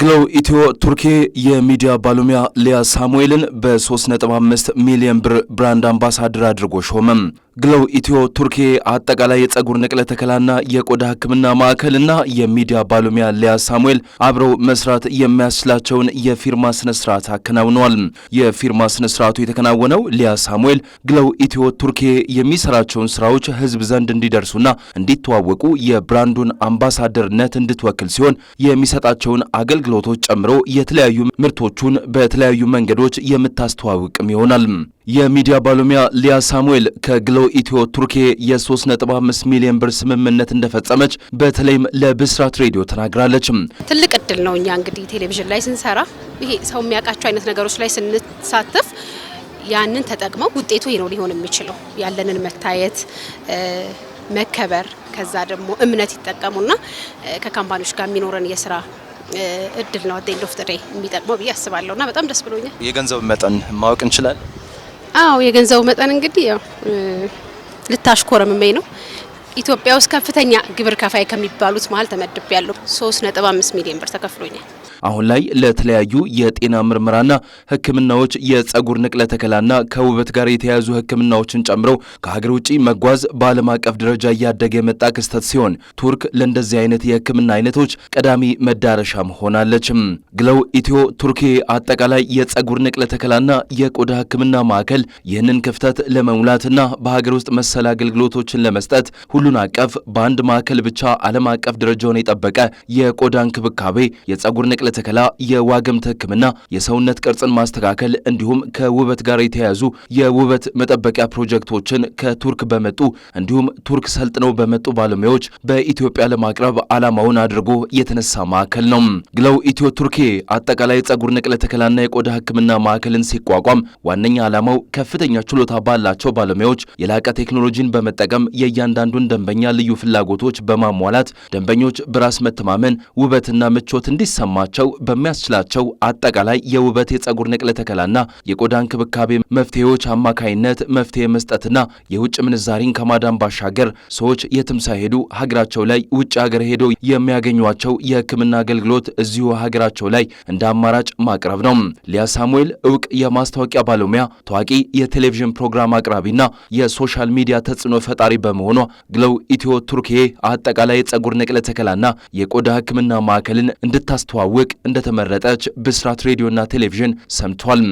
ግሎው ኢትዮ ቱርኪ የሚዲያ ባለሙያ ሊያ ሳሙኤልን በ3.5 ሚሊዮን ብር ብራንድ አምባሳደር አድርጎ ሾመም። ግለው ኢትዮ ቱርኪ አጠቃላይ የጸጉር ንቅለ ተከላና የቆዳ ሕክምና ማዕከልና የሚዲያ ባለሙያ ሊያ ሳሙኤል አብረው መስራት የሚያስችላቸውን የፊርማ ስነ ስርዓት አከናውነዋል። የፊርማ ስነ ስርዓቱ የተከናወነው ሊያ ሳሙኤል ግለው ኢትዮ ቱርኪ የሚሰራቸውን ስራዎች ህዝብ ዘንድ እንዲደርሱና እንዲተዋወቁ የብራንዱን አምባሳደርነት እንድትወክል ሲሆን የሚሰጣቸውን አገልግሎቶች ጨምሮ የተለያዩ ምርቶቹን በተለያዩ መንገዶች የምታስተዋውቅም ይሆናል። የሚዲያ ባለሙያ ሊያ ሳሙኤል ከግሎው ኢትዮ ቱርኬ የ3.5 ሚሊዮን ብር ስምምነት እንደፈጸመች በተለይም ለብስራት ሬዲዮ ተናግራለች። ትልቅ እድል ነው። እኛ እንግዲህ ቴሌቪዥን ላይ ስንሰራ ይሄ ሰው የሚያውቃቸው አይነት ነገሮች ላይ ስንሳተፍ ያንን ተጠቅመው ውጤቱ ነው ሊሆን የሚችለው ያለንን መታየት መከበር ከዛ ደግሞ እምነት ይጠቀሙና ከካምፓኒዎች ጋር የሚኖረን የስራ እድል ነው። ዴንዶፍ ጥሬ የሚጠቅመው ብዬ አስባለሁና በጣም ደስ ብሎኛል። የገንዘብ መጠን ማወቅ እንችላለን። አዎ የገንዘቡ መጠን እንግዲህ ያው ልታሽኮረምመኝ ነው። ኢትዮጵያ ውስጥ ከፍተኛ ግብር ከፋይ ከሚባሉት መሀል ተመድቤ ያለሁ 3.5 ሚሊዮን ብር ተከፍሎኛል። አሁን ላይ ለተለያዩ የጤና ምርመራና ህክምናዎች የጸጉር ንቅለ ተከላና ከውበት ጋር የተያያዙ ህክምናዎችን ጨምሮ ከሀገር ውጭ መጓዝ በዓለም አቀፍ ደረጃ እያደገ የመጣ ክስተት ሲሆን ቱርክ ለእንደዚህ አይነት የህክምና አይነቶች ቀዳሚ መዳረሻ ሆናለችም። ግለው ኢትዮ ቱርኬ አጠቃላይ የጸጉር ንቅለ ተከላና የቆዳ ህክምና ማዕከል ይህንን ክፍተት ለመሙላትና በሀገር ውስጥ መሰል አገልግሎቶችን ለመስጠት ሁሉን አቀፍ በአንድ ማዕከል ብቻ ዓለም አቀፍ ደረጃውን የጠበቀ የቆዳ እንክብካቤ የጸጉር ንቅለ የመነቃቅለ ተከላ፣ የዋግምት የሰውነት ቅርጽን ማስተካከል እንዲሁም ከውበት ጋር የተያያዙ የውበት መጠበቂያ ፕሮጀክቶችን ከቱርክ በመጡ እንዲሁም ቱርክ ሰልጥነው በመጡ ባለሙያዎች በኢትዮጵያ ለማቅረብ ዓላማውን አድርጎ የተነሳ ማዕከል ነው። ግለው ኢትዮ ቱርኬ አጠቃላይ ጸጉር ንቅለ ተከላና የቆዳ ህክምና ማዕከልን ሲቋቋም ዋነኛ ዓላማው ከፍተኛ ችሎታ ባላቸው ባለሙያዎች የላቀ ቴክኖሎጂን በመጠቀም የእያንዳንዱን ደንበኛ ልዩ ፍላጎቶች በማሟላት ደንበኞች በራስ መተማመን ውበትና ምቾት እንዲሰማቸው ሊኖራቸው በሚያስችላቸው አጠቃላይ የውበት የጸጉር ንቅለ ተከላና የቆዳ እንክብካቤ መፍትሄዎች አማካይነት መፍትሄ መስጠትና የውጭ ምንዛሪን ከማዳን ባሻገር ሰዎች የትም ሳይሄዱ ሀገራቸው ላይ ውጭ ሀገር ሄደው የሚያገኟቸው የሕክምና አገልግሎት እዚሁ ሀገራቸው ላይ እንደ አማራጭ ማቅረብ ነው። ሊያ ሳሙኤል እውቅ የማስታወቂያ ባለሙያ፣ ታዋቂ የቴሌቪዥን ፕሮግራም አቅራቢና የሶሻል ሚዲያ ተጽዕኖ ፈጣሪ በመሆኗ ግለው ኢትዮ ቱርክዬ አጠቃላይ የጸጉር ንቅለ ተከላና የቆዳ ሕክምና ማዕከልን እንድታስተዋውቅ እንድትጠብቅ እንደተመረጠች ብስራት ሬዲዮና ቴሌቪዥን ሰምቷል።